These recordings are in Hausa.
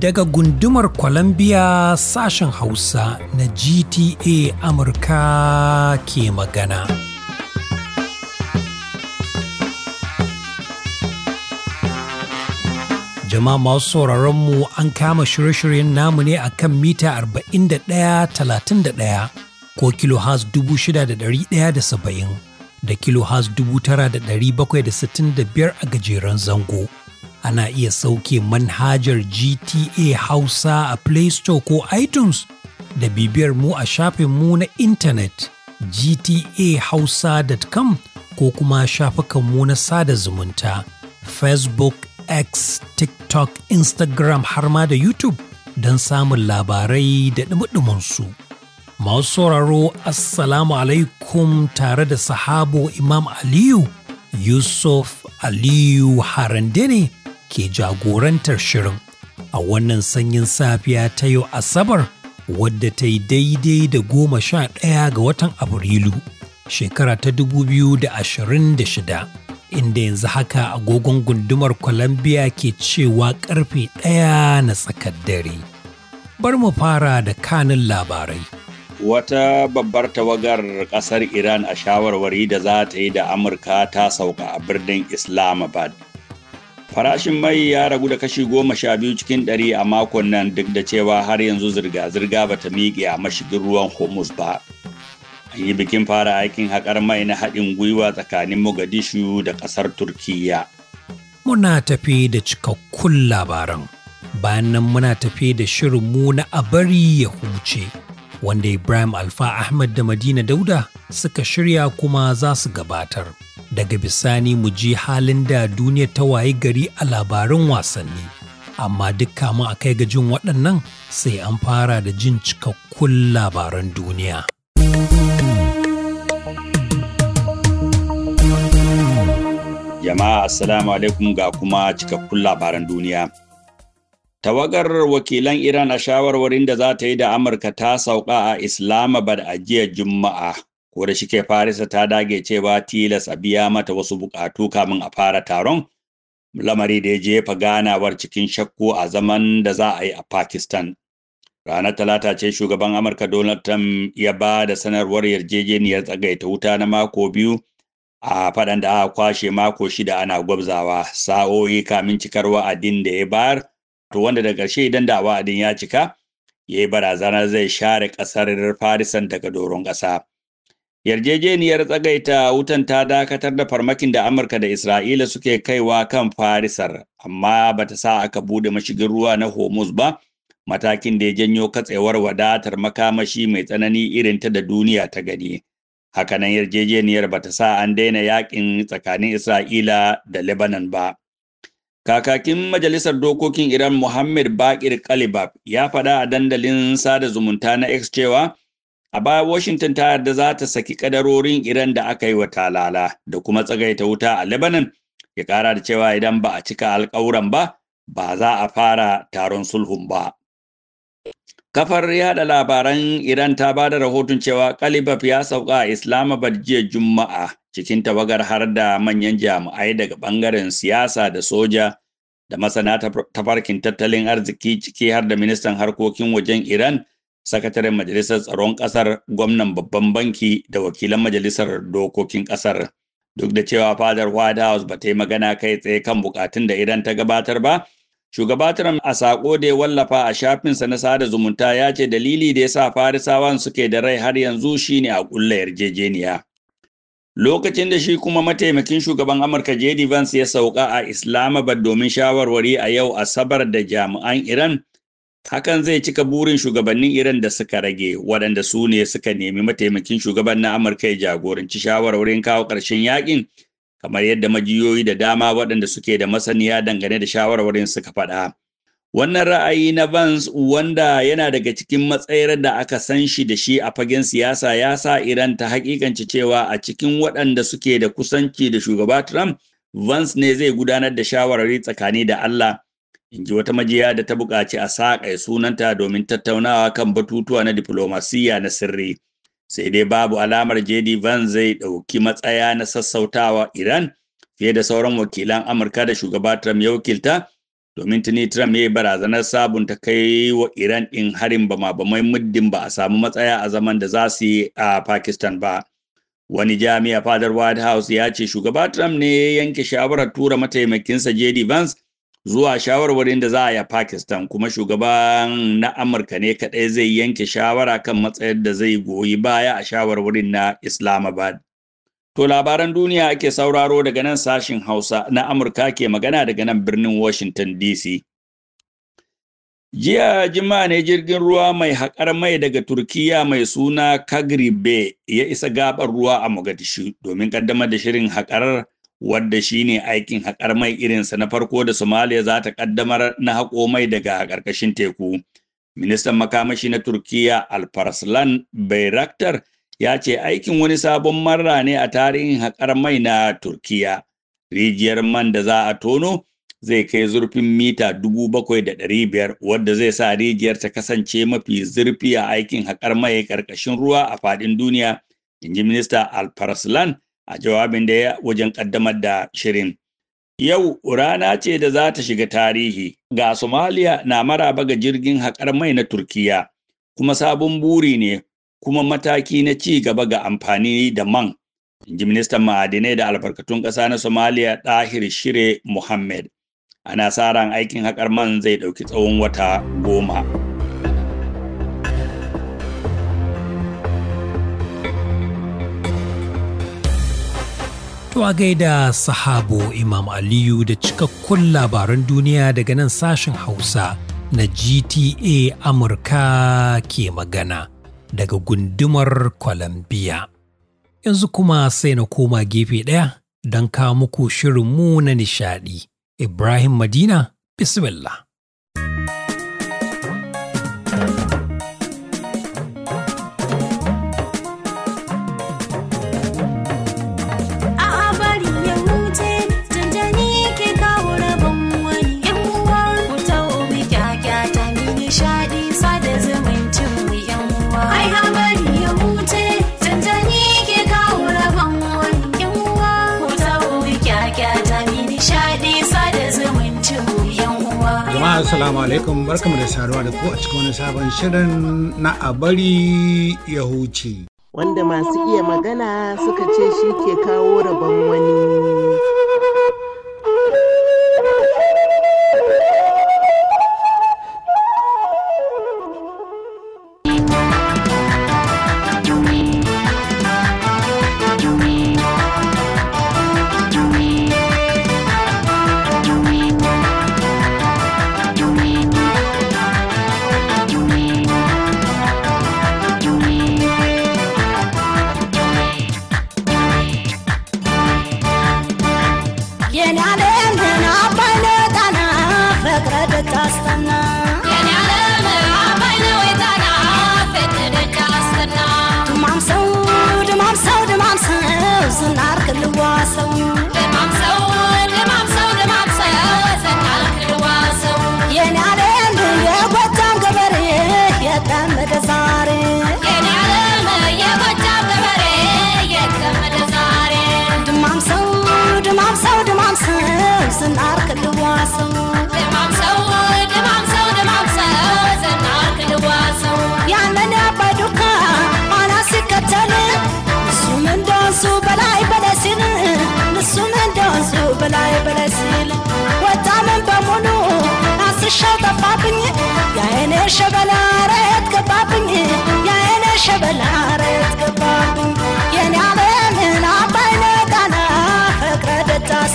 Daga gundumar Columbia sashen Hausa na GTA Amurka ke magana. jama'a masu sauraronmu an kama shirye-shiryen namu ne a kan mita 41.31 ko kilo has 6,170 da dubu da da bakwai sittin da biyar a gajeren zango. Ana iya sauke manhajar GTA Hausa a Play Store ko iTunes da bibiyar mu a shafinmu na intanet gtahausa.com ko kuma shafukanmu na sada zumunta Facebook, X, TikTok, Instagram har ma da YouTube don samun labarai da ɗumi su. Masu sauraro Assalamu alaikum tare da sahabo Imam Aliyu Yusuf Aliyu Harande ne ke jagorantar shirin a wannan sanyin safiya ta yau Asabar wadda ta yi daidai da goma sha ɗaya ga watan Abrilu shekara ta dubu biyu da ashirin da shida, inda yanzu haka agogon gundumar Columbia ke cewa karfe ɗaya na tsakar dare. Bar mu fara da kanin labarai. wata babbar tawagar kasar iran a shawarwari da za ta yi da amurka ta sauka a birnin islamabad farashin mai ya ragu da kashi goma sha biyu cikin ɗari a makon nan duk da cewa har yanzu zirga-zirga ba ta miƙe a mashigin ruwan hormuz ba an yi bikin fara aikin haƙar mai na haɗin gwiwa tsakanin mogadishu da ƙasar turkiya muna tafi da cikakkun labaran bayan nan muna tafi da shirinmu na a bari ya huce wanda Ibrahim Alfa Ahmad da Madina Dauda suka shirya kuma za su gabatar. Daga bisani mu ji halin da duniya ta waye gari a labarin wasanni. Amma duk kama a kai ga jin waɗannan sai an fara da jin cikakkun labaran duniya. Jama'a Assalamu alaikum ga kuma cikakkun labaran duniya. Tawagar wakilan Iran a shawarwarin da za ta yi da Amurka ta sauka a Islamabad a jiya Juma'a, ko da shike Farisa ta dage cewa tilas a biya mata wasu bukatu kamin a fara taron, lamari da ya jefa ganawar cikin shakku a zaman da za a yi a Pakistan. Ranar Talata ce shugaban Amurka Donald Trump ya ba da sanarwar yarjejeniyar tsagaita wuta na mako biyu a faɗan da aka kwashe mako shida ana gwabzawa sa'o'i kamin cikar wa'adin da ya bayar. to wanda da ƙarshe idan da wa'adin ya cika ya yi barazana zai share ƙasar farisan daga doron ƙasa yarjejeniyar tsagaita wutan ta dakatar da farmakin da amurka da isra'ila suke kaiwa kan farisar amma bata sa aka bude mashigin ruwa na hormuz ba matakin da ya janyo katsewar wadatar makamashi mai tsanani irin ta da duniya ta gani hakanan yarjejeniyar bata sa an daina yakin tsakanin isra'ila da lebanon ba Kakakin Majalisar Dokokin Iran Mohammed Bakir Kalibab ya faɗa a dandalin sada zumunta na X cewa a baya Washington ta yarda za ta saki kadarorin Iran da aka yi wa talala da kuma tsagaita wuta a Lebanon ya ƙara da cewa idan ba a cika alƙawuran ba ba za a fara taron sulhun ba. Kafar yaɗa labaran Iran ta ba da rahoton cewa Kalibaf ya sauka a Islamabad jiya Juma'a cikin tawagar har da manyan jami'ai daga bangaren siyasa da soja da masana tafarkin tattalin arziki ciki har da ministan harkokin wajen Iran, sakataren majalisar tsaron Kasar, gwamnan babban banki da wakilan majalisar dokokin Kasar. Duk da cewa fadar White House ba ta yi magana kai tsaye kan bukatun da Iran ta gabatar ba, Shugaba Trump a sako da ya wallafa a shafinsa na sada zumunta ya ce dalili da ya sa Farisawan suke da rai har yanzu shine a ƙulla yarjejeniya. Lokacin da shi kuma mataimakin shugaban Amurka JD Vance ya sauka a Islamabad domin shawarwari a yau Asabar da jami'an Iran, hakan zai cika burin shugabannin Iran da suka rage waɗanda su ne suka nemi mataimakin shugaban na Amurka ya jagoranci shawarwarin kawo ƙarshen yaƙin kamar yadda majiyoyi da dama waɗanda suke da masaniya dangane da shawarwarin suka faɗa. Wannan ra'ayi na Vance wanda yana daga cikin matsayar da aka san shi da shi a fagen siyasa ya sa Iran ta hakikance cewa a cikin waɗanda suke da kusanci da shugaba Trump, Vance ne zai gudanar da shawarwari tsakani da Allah. In ji wata majiya da ta buƙaci a saƙa sunanta domin tattaunawa kan batutuwa na diflomasiyya na sirri. sai dai babu alamar JD Van zai ɗauki matsaya na sassautawa Iran fiye da sauran wakilan Amurka da shugaba Trump ya wakilta domin tuni Trump ya yi barazanar sabunta kai wa Iran ɗin harin ba ba bamai muddin ba a samu matsaya a zaman da za su yi a Pakistan ba. Wani jami'a fadar White House ya ce shugaba Trump ne ya yanke shawarar tura mataimakinsa JD Vance zuwa shawarwarin da za a yi Pakistan kuma shugaban na Amurka ne kaɗai zai yanke shawara kan matsayar da zai goyi baya a shawarwarin na Islamabad. To labaran duniya ake sauraro daga nan sashin Hausa na Amurka ke magana daga nan birnin Washington DC. Jiya jima ne jirgin ruwa mai haƙar mai daga Turkiya mai suna Kagri Bay ya isa gabar ruwa a Mogadishu domin ƙaddamar da shirin haƙar wadda shi ne aikin haƙar mai irinsa na farko da Somalia za ta ƙaddamar na haƙo mai daga ƙarƙashin teku. Ministan makamashi na Turkiya Alparslan Bayraktar ya ce aikin wani sabon marra ne a tarihin haƙar mai na Turkiyya, Rijiyar man da za a tono zai kai zurfin mita dubu bakwai da ɗari biyar wadda zai sa rijiyar ta kasance mafi zurfi a aikin haƙar mai ƙarƙashin ruwa a faɗin duniya. in ji Minista Alparslan a jawabin da ya wajen ƙaddamar da shirin. Yau rana ce da za ta shiga tarihi ga Somalia na maraba ga jirgin haƙar mai na Turkiyya. kuma sabon buri ne kuma mataki na ci gaba ga amfani da man. Inji ministan ma'adinai da albarkatun ƙasa na Somalia ɗahir Shire Mohammed. Ana sa ran aikin haƙar man zai ɗauki tsawon wata goma. To a gaida sahabo Imam Aliyu da cikakkun labaran duniya daga nan sashen Hausa na GTA Amurka ke magana daga gundumar Columbia. Yanzu kuma sai na koma gefe ɗaya don kawo muku shirinmu na nishaɗi. Ibrahim Madina, Bismillah. jama'a assalamu alaikum barkamu da saduwa da ku a cikin wani sabon shirin na a bari ya huce wanda masu iya magana suka ce shi ke kawo rabon wani በላይ በላይ ሲል ወጣምን በሙሉ አስርሻው ጠፋብኝ የአይኔ ሸበላ ረት ገባብኝ የአይኔ ሸበላ ረት ገባብኝ የኔ ዓለምን አባይነ ቃና ፍቅረ ደጅ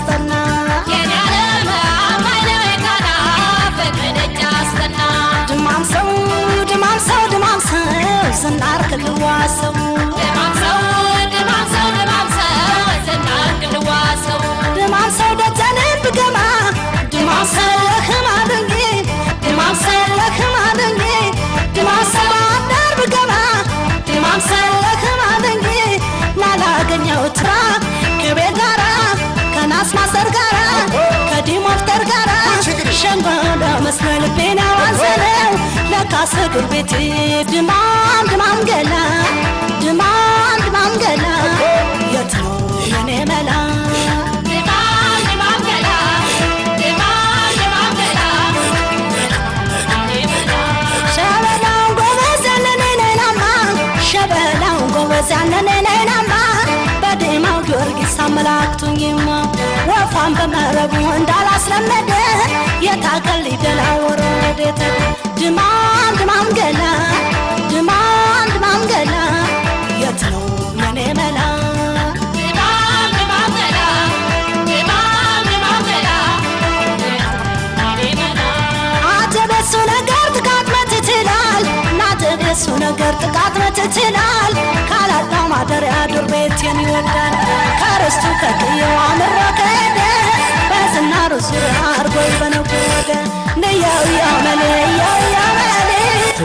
ድማም ሰው ድማም ሰው ድማም ሰው ዝናር ክልዋ ሰው መስኖ ልቤን አዋዘነው ለካስ እግር ቤቴ ድማም ድማም ገላ ድማም ድማም ገላ የት ነው የኔ መላ ሸበላውን ጎበዝ ያነኔ ነይናማ በዴማው ጊዮርጊስ አመላክቱኝማ ወፏን በመረቡ እንዳላስለመደ የታቀል ደላ ወረደተ ድማም ድማም ገላ ድማም ድማም ገላ የት ነው የኔ መላ ነገር ጥቃት መትችላል ካላጣው ማደሪያ ዱር ቤት የሚወዳል በሚስቱ ተክየው አምራ ከሄደ በዝና ሩስ አርጎ በነጎደ ነያው ያመለያው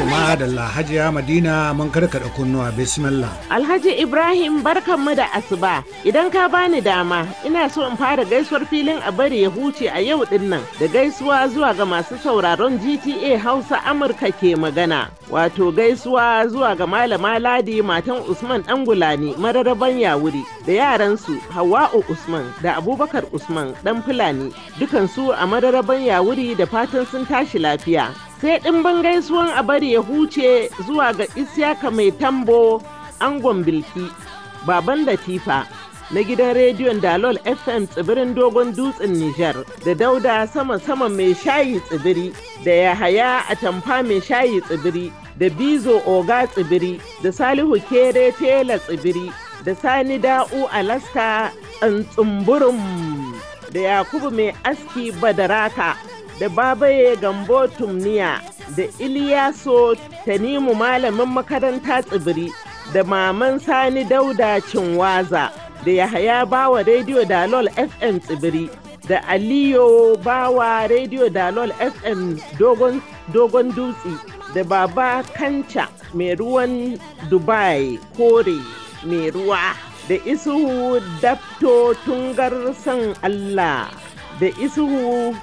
da hajiya madina mun karkada kunnuwa bismillah alhaji ibrahim barkanmu da asuba idan ka bani dama ina so in fara gaisuwar filin a bari ya huce a yau din nan da gaisuwa zuwa ga masu sauraron gta hausa amurka ke magana wato gaisuwa zuwa ga malama ladi matan usman dan gulani mararaban yawuri da yaransu hawa'u usman da abubakar usman dan fulani dukansu a mararaban yawuri da fatan sun tashi lafiya sai ɗimbin gaisuwan a bari ya huce zuwa ga isyaka mai tambo angon bilki baban latifa na gidan rediyon dalol fm tsibirin dogon dutsen nijar da dauda sama-sama mai shayi tsibiri da yahaya a tamfa mai shayi tsibiri da bizo oga tsibiri da salihu kere tela tsibiri da sani da'u alaska tsumburum da yakubu mai aski badaraka da Babaye Gambo Tumniya da Iliyaso Tanimu malamin makaranta tsibiri da Maman Sani Dauda Cinwaza da Yahaya Bawa Radio Dalol FM tsibiri da Aliyo Bawa Radio Dalol FM Dogon, dogon Dutse da Baba Kanca mai ruwan Dubai Kore mai ruwa da Isuhu Dafto Tungar San Allah da Isuhu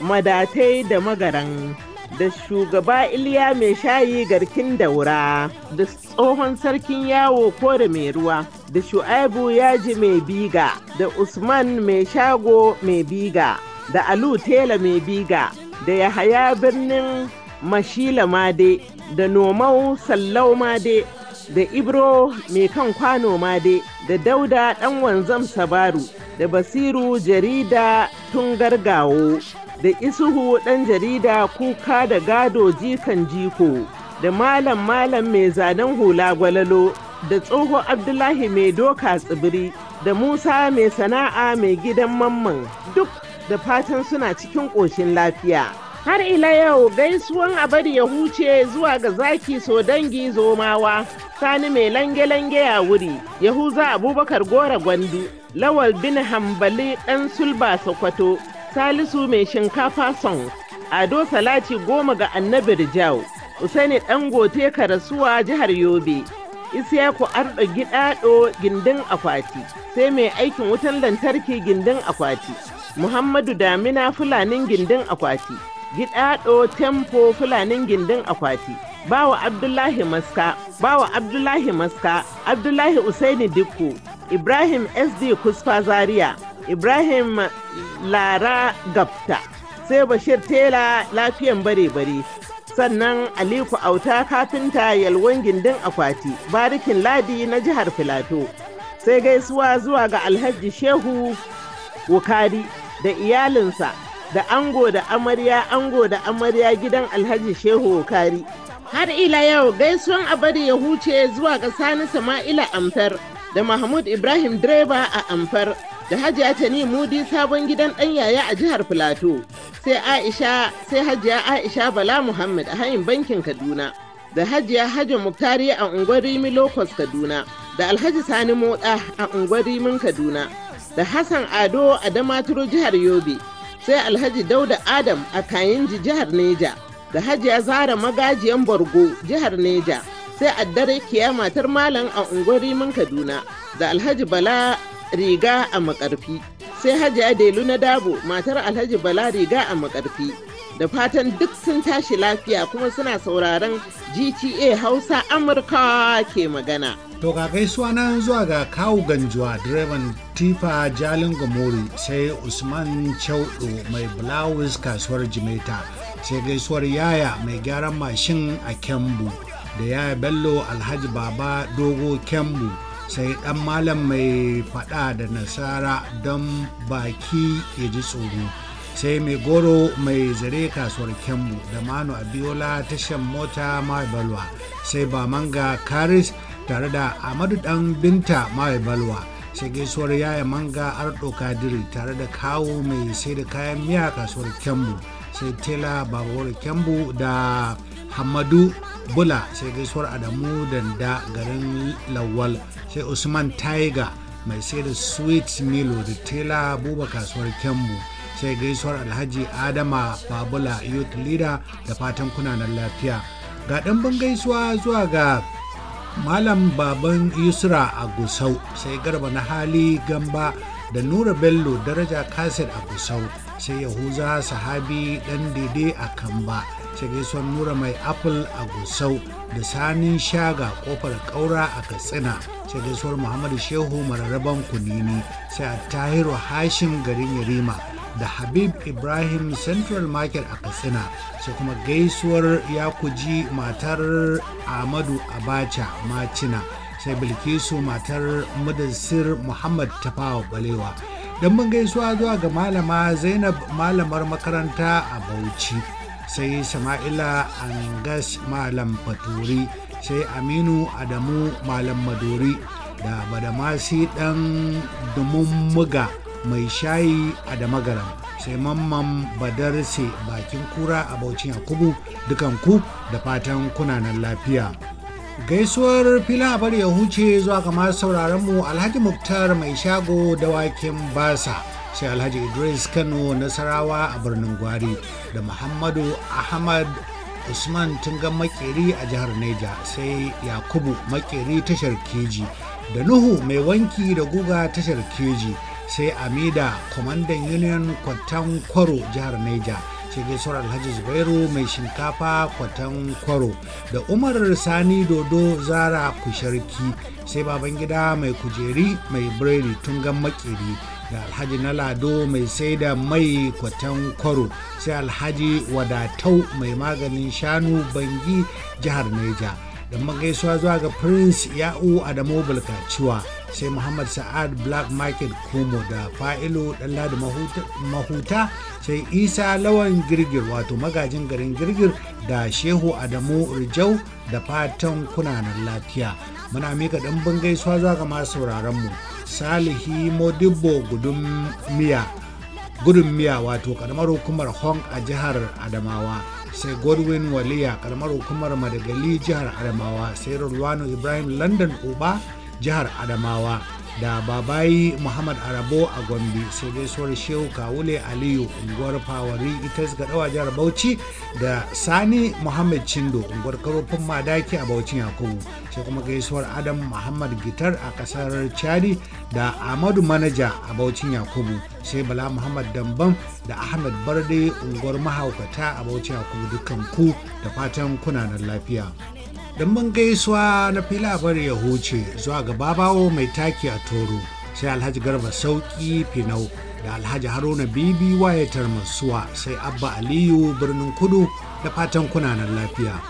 madatai da magaran da shugaba iliya mai shayi garkin daura da tsohon sarkin yawo kore mai ruwa da shu'aibu yaji mai biga da usman mai shago mai biga da alu tela mai biga da yahaya birnin mashila made da nomau sallau made da ibro mai kan kwano made da dauda dan wanzam sabaru da basiru jarida tun gargawo da isuhu ɗan jarida kuka da gado jikan jiko da malam malam mai zanen hula gwalalo da tsoho abdullahi mai doka tsibiri da musa mai sana'a mai gidan mamman duk da fatan suna cikin ƙoshin lafiya har ila yau gaisuwan abar ya huce zuwa ga zaki so dangi zomawa sani mai lange-lange ya wuri yahuza abubakar gora gwandu lawal bin hambali ɗan sulba sokoto Salisu mai shinkafa son Ado Salati goma ga Annabi Rijau, Usaini Dangote Karasuwa jihar Yobe, Isiyaku Arɗo Gidaɗo gindin akwati, sai mai aikin wutan lantarki gindin akwati, Muhammadu Damina Fulanin gindin akwati, Gidaɗo Tempo Fulanin gindin akwati, Bawa Abdullahi Maska, Bawa Abdullahi Maska, Abdullahi Usaini Dikko, Ibrahim SD Kusfa Zaria, Ibrahim lara gabta sai bashir tela lafiyan bare-bare sannan aliku auta kafinta yalwan gindin akwati barikin ladi na jihar filato sai gaisuwa zuwa ga alhaji shehu wukari da iyalinsa da ango da amarya ango da amarya gidan alhaji shehu wukari har ila yau gaisuwan a bari ya huce zuwa ga sani sama'ila amfar da mahmud ibrahim direba a amfar da hajiya tani mudi sabon gidan ɗan yaya a jihar filato sai aisha sai hajiya aisha bala muhammad a hanyar bankin kaduna da hajiya hajji muktari a unguwar rimi locust kaduna da alhaji sani moda a unguwar rimin kaduna da hassan ado a damaturu jihar yobe sai alhaji dauda adam a kayinji jihar neja da hajiya zara magajiyan borgo jihar neja sai addare kiya matar malam a unguwar rimin kaduna da alhaji bala riga a makarfi sai hajiya delu na dabo matar alhaji bala riga a makarfi da fatan duk sun tashi lafiya kuma suna sauraron gta hausa amurka ke magana to ga gaisuwa nan zuwa ga kawu ganjuwa direban tifa jalin gomori sai usman chaudu mai bulawus kasuwar jimeta sai gaisuwar yaya mai gyaran mashin a kembu da yaya bello alhaji baba dogo kembu sai ɗan malam mai faɗa da nasara don baki ya ji tsoro sai mai goro mai zare kasuwar kyanmu da manu abiola tashan mota mai balwa sai manga karis tare da amadu dan binta mai balwa sai gaisuwar yaya manga ardo kadiri tare da kawo mai sai da kayan miya kasuwar kyanmu sai tela babawar kyanmu da hamadu bula sai gaisuwar adamu danda garin lawal sai usman tiger mai sai da sweet milo da tela buba kasuwar kyanmu sai gaisuwar alhaji adama babula youth leader da fatan kunanan lafiya ga ɗan gaisuwa zuwa ga malam baban yusra a gusau sai garba na hali gamba da nura bello daraja kaset a gusau sai yahuza sahabi ɗan daidai a kamba sai gaisuwar nura mai apple a gusau da sanin shaga kofar kaura a katsina sai gaisuwar muhammadu shehu mararraban kunini sai a tahiru hashim garin yarima da habib ibrahim central market a katsina sai kuma gaisuwar yakuji matar Amadu abacha macina sai bilkisu matar mudassir muhammad tafawa balewa don mun gaisuwa zuwa ga malama zainab malamar makaranta a bauchi sai sama'ila angas malam faturi sai aminu adamu malam maduri da badamasi dan dumummuga mai shayi a damagaram sai mamman badarse bakin kura a baucin yakubu ku da fatan kunanan lafiya gaisuwar fila bar ya huce zuwa kamar sauraronmu alhaji muktar mai shago da waken basa sai alhaji idris kano nasarawa a birnin gwari da muhammadu ahmad usman tungan makeri a jihar neja sai yakubu makeri tashar keji da nuhu mai wanki da guga tashar keji sai amida kwamandan union kwatan kwaro jihar neja sai gaisuwar alhaji zubairu mai shinkafa kwatan kwaro da umar sani dodo zara kusharki sai baban gida mai kujeri mai biredi tungan makeri da alhaji na lado mai sai da mai kwatan kwaro sai alhaji wadatau mai maganin shanu bangi jihar neja da magaisuwa zuwa ga prince ya'u adamu bulkaciwa sai muhammad sa'ad black market kumo da fa'ilo ladi mahuta sai isa lawan girgir wato magajin garin girgir da shehu adamu rijau da fatan kunanan lafiya muna mika bangai gaisuwa zuwa ga masu mu salihi modibbo gudun miya gudun miya wato karamar hukumar hong a jihar adamawa sai godwin waliya karamar hukumar madagali jihar adamawa sai rulwano ibrahim london uba jihar adamawa da babayi muhammad arabo a gombe sai dai sauran shehu kawule aliyu unguwar fawari ita ga dawa jihar bauchi da sani muhammad chindo unguwar karofin madaki a bauchi yakubu sai kuma gaisuwar adam muhammad gitar a kasar chadi da ahmadu manaja a bauchin yakubu sai bala muhammad damban da Ahmad barde unguwar mahaukata a bauchin yakubu dukkan ku da fatan kunanan lafiya. mun gaisuwa na filabar ya huce zuwa ga babawo mai taki a toro sai alhaji garba sauki finau da alhaji haruna bibi wayatar masuwa sai abba aliyu birnin kudu da fatan kunanan lafiya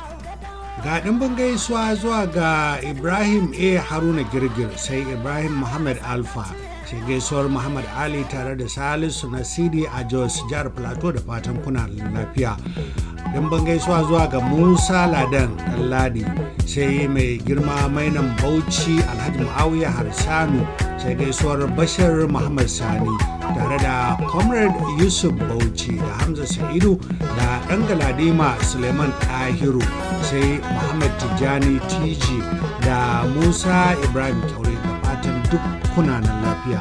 ga ɗin gaisuwa zuwa ga ibrahim a haruna girgir sai ibrahim muhammad alfa sai gaisuwar muhammad ali tare da salisu na CD a jos jihar plateau da fatan kunanan lafiya don ban gaisuwa zuwa ga musa ladan ladi sai mai girma mainan bauchi alhaji muawiya harsanu sai gaisuwar bashir muhammad sani tare da comrade yusuf bauchi da hamza sa'idu da ɗan galadima suleiman tahiru sai muhammad Tijani tiji da musa ibrahim kyaure da fatan duk kunanan lafiya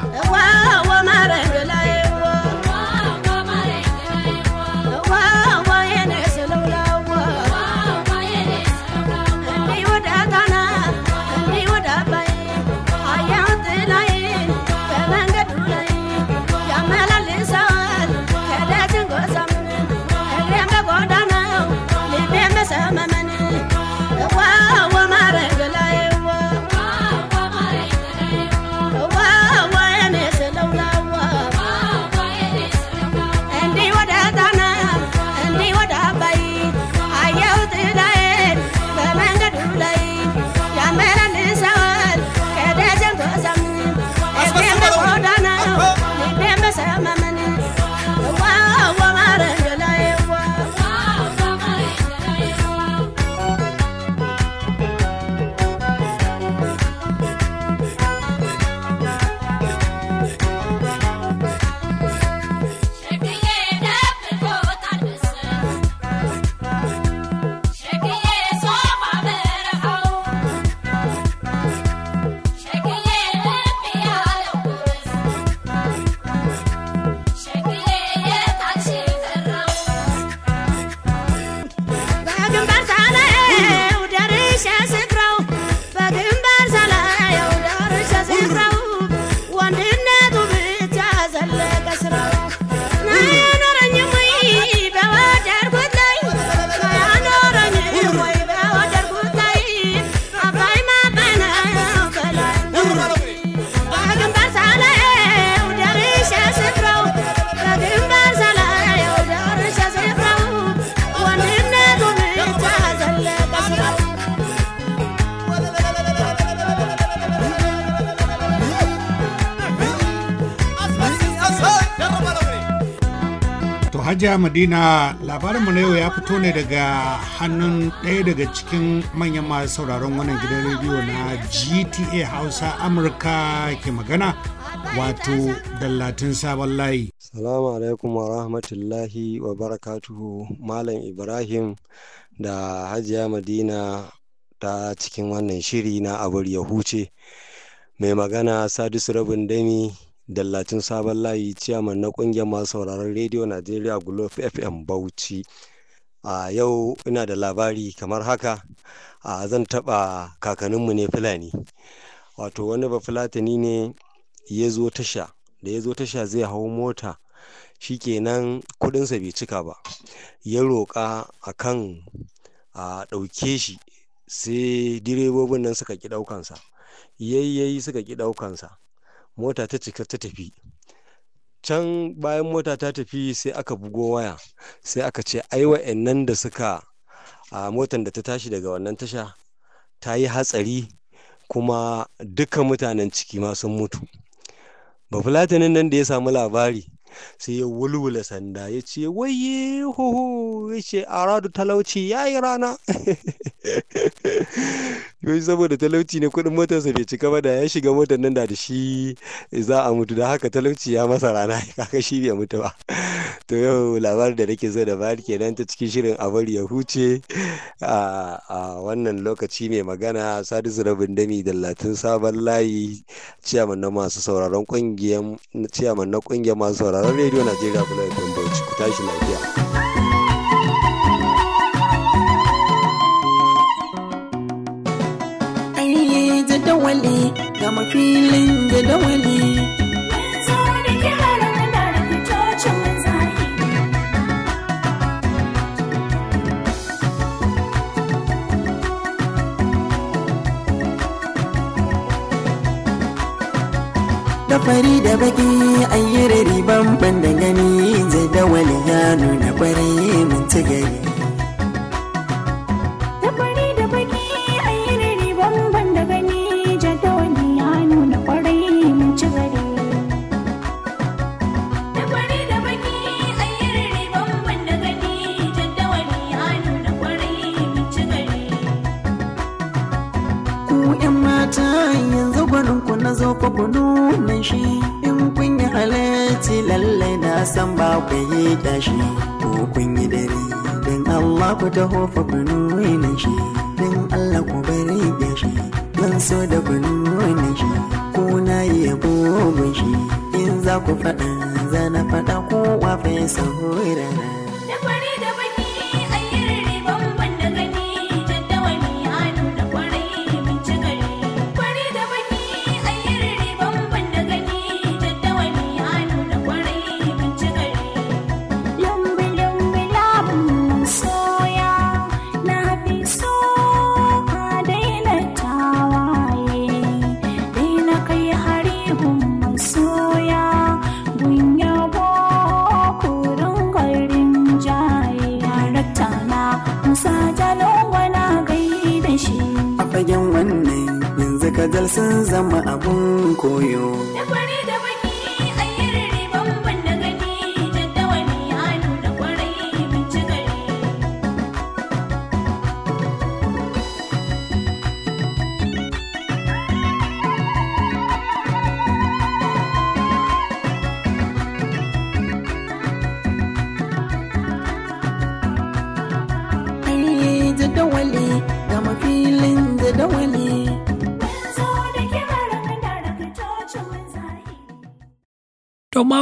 Hajiya Madina labarinmu na yau ya fito ne daga hannun ɗaya daga cikin manyan masu sauraron wannan gidan rediyo na GTA Hausa Amurka ke magana wato dallatin sabon layi. Salamu alaikum wa rahmatullahi wa barakatuhu Malam Ibrahim da Hajiya Madina ta cikin wannan shiri na abar huce. Mai magana Sadisu Rabin Dami dallacin sabon layi ciyaman na kungiyar masu sauraron rediyo najeriya globe fm bauchi a yau ina da labari kamar haka a zan taɓa kakanninmu ne fulani wato wani ba fulatani ne ya zo tasha da ya zo tasha zai hau mota shi shikenan kudinsa bai cika ba ya roƙa a kan a ɗauke shi sai direbobin nan suka ki ɗaukansa yayyayi suka ƙi ɗaukansa mota ta cika ta tafi can bayan mota ta tafi sai aka bugo waya sai aka ce ai wa'annan da suka a motan da ta tashi daga wannan tasha ta yi hatsari kuma duka mutanen ciki ma sun mutu bafulatinin nan da ya samu labari sai ya wulwula sanda ya ce waye hoho ya ce aradu talauci ya yi rana yoyi saboda talauci ne kudin motarsa bai cika ba da ya shiga motar nan da da shi za a mutu da haka talauci ya masa rana kaka shi bai mutu ba to yau labarin da nake so da bayar kenan ta cikin shirin a bari ya huce a wannan lokaci mai magana sadu zurabin dami latin sabon layi ciyaman na masu sauraron kungiyar masu sauraron sauraron rediyo najeriya kula da bauchi ku tashi lafiya jadawali ga mafilin jadawali fari da baki an yi rari ban da gani jadawali ya nuna kwarai mun ci gari ku faɗa zana faɗa kowa fesa horara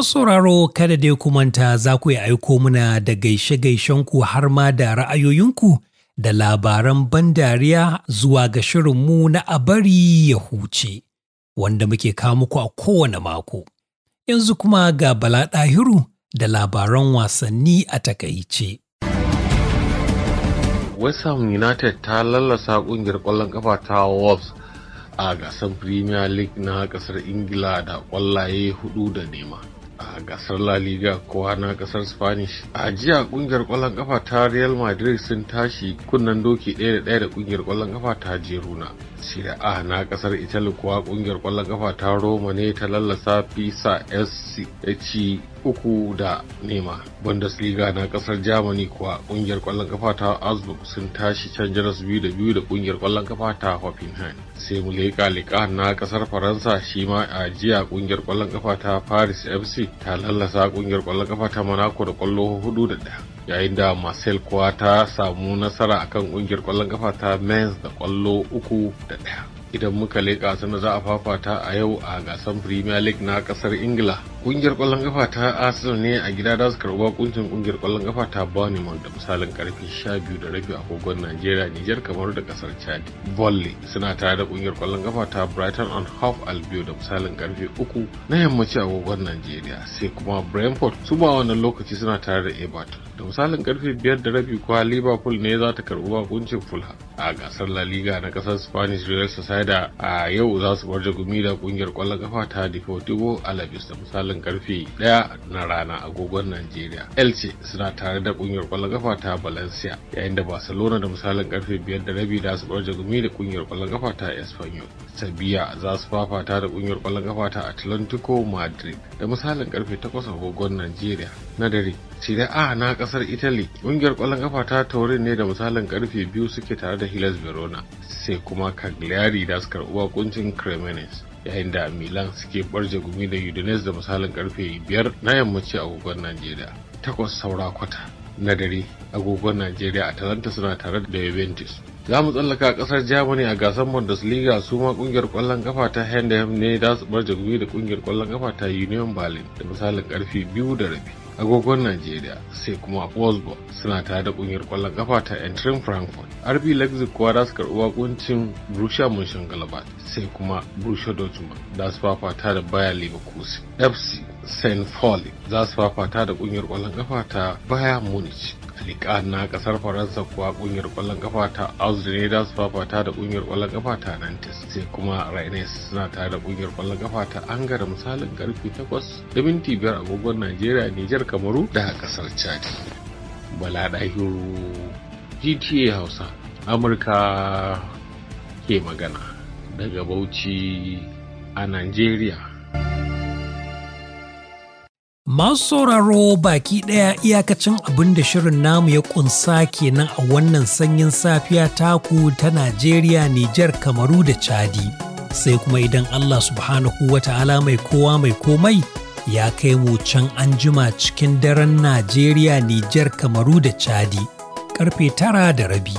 sauraro kada dai kumanta za ku yi aiko muna da gaishe-gaishenku har ma da ra'ayoyinku da labaran ban dariya zuwa ga shirinmu na abari ya huce, wanda muke kawo muku a kowane mako. Yanzu kuma ga Bala Ɗahiru da labaran wasanni a takaice. West Ham United ta lallasa ƙungiyar ƙwallon kafa ta Wolves a gasar Premier League na ƙasar Ingila da ƙwallaye hudu da nema. a gasar La Liga kowa na kasar Spanish. A jiya kungiyar kwallon kafa ta Real Madrid sun tashi kunnen doki ɗaya da ɗaya da kungiyar kwallon kafa ta Jeruna. Serie A na kasar Italy kuwa kungiyar kwallon kafa ta Roma ne ta lallasa Pisa SC uku da nema. Bundesliga na kasar Germany kuwa kungiyar kwallon kafa ta Augsburg sun tashi can biyu da biyu da kungiyar kwallon kafa ta Hoffenheim. sai mu leƙa leƙa na ƙasar faransa shi ma a jiya ƙungiyar ƙwallon ƙafa ta paris fc ta lallasa ƙungiyar ƙwallon ƙafa ta monaco da ƙwallo hudu da ɗaya yayin da marcel kuwa ta samu nasara akan ƙungiyar ƙwallon ƙafa ta mens da ƙwallo uku da ɗaya idan muka leƙa sana za a fafata a yau a gasar premier league na kasar ingila Ƙungiyar kwallon kafa ta arsenal ne a gida da su karɓa ƙungiyar kungiyar kwallon kafa ta bournemouth da misalin karfe biyu da rabi kogon nigeria Niger kamar da kasar chad volley suna tare da kungiyar kwallon kafa ta brighton and half albion da misalin karfe uku na yammaci a kogon nigeria sai kuma brentford su ba wannan lokaci suna tare da everton da misalin karfe biyar da rabi kuwa liverpool ne za ta karbi bakuncin fulham a gasar la liga na ƙasar spanish real sociedad a yau za su bar jagumi da kungiyar kwallon kafa ta deportivo alaves da misalin karfe ɗaya na rana agogon nigeria elche suna tare da kungiyar kwallon kafa ta valencia yayin da barcelona da misalin karfe biyar da rabi da su bar gumi da kungiyar kwallon kafa ta espanyol Sabiya za su fafata da kungiyar kwallon kafa ta atlantico madrid da misalin karfe takwas agogon nigeria na dare Serie A na kasar Italy ƙungiyar ƙwallon kafa ta taurin ne da misalin karfe biyu suke tare da Hellas Verona sai kuma Cagliari da su karɓi bakuncin Cremonese yayin da Milan suke barje gumi da Udinese da misalin karfe biyar na yammaci a agogon Najeriya takwas saura kwata na dare agogon Najeriya a talanta suna tare da Juventus za mu tsallaka kasar germany a gasar bundesliga su ma kungiyar kwallon kafa ta hendem ne za su bar jagori da kungiyar kwallon kafa ta union berlin da misalin karfe biyu da rabi agogon Nigeria sai kuma Wolfsburg suna tare da kungiyar kwallon kafa ta Entrin Frankfurt. RB Leipzig kuwa za su karbi wakuncin Borussia Mönchengladbach sai kuma Borussia Dortmund za su fafata da Bayer Leverkusen. FC St. Pauli za su fafata da kungiyar kwallon kafa ta Bayern Munich. afirka na kasar faransa kuwa kungiyar kwallon kafa ta ne da su fafata da kungiyar kwallon kafa ta nantes sai kuma Rennes suna tare da kungiyar kwallon kafa ta angara misalin karfe 8 da minti 5 agogon najeriya niger kamaru da kasar chad bala dahiru gta hausa amurka ke magana daga bauchi a najeriya Masu sauraro baki ɗaya iyakacin abin da shirin namu ya ƙunsa kenan a wannan sanyin safiya taku ta Najeriya, Nijar, Kamaru da Chadi. Sai kuma idan Allah subhanahu wa ta'ala mai kowa mai komai ya kai mu can an jima cikin daren Najeriya, Nijar, Kamaru da Chadi, karfe tara da rabi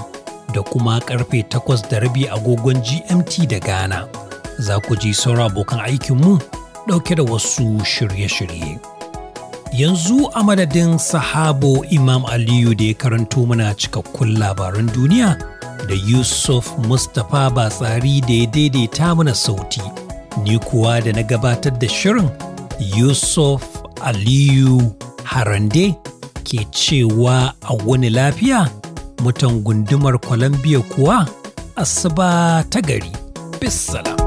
da kuma karfe takwas da rabi agogon GMT da Ghana. Za ku ji sauran abokan aikinmu ɗauke da wasu shirye-shirye. yanzu a madadin sahabo imam aliyu da ya karanto mana cikakkun labaran duniya da yusuf mustapha batsari da ya daidaita mana sauti ni kuwa da na gabatar da shirin yusuf aliyu harande ke cewa a wani lafiya mutan gundumar columbia kuwa asuba ta gari bisalam